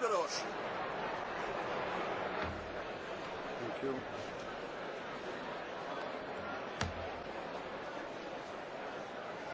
Pedros. Thank you.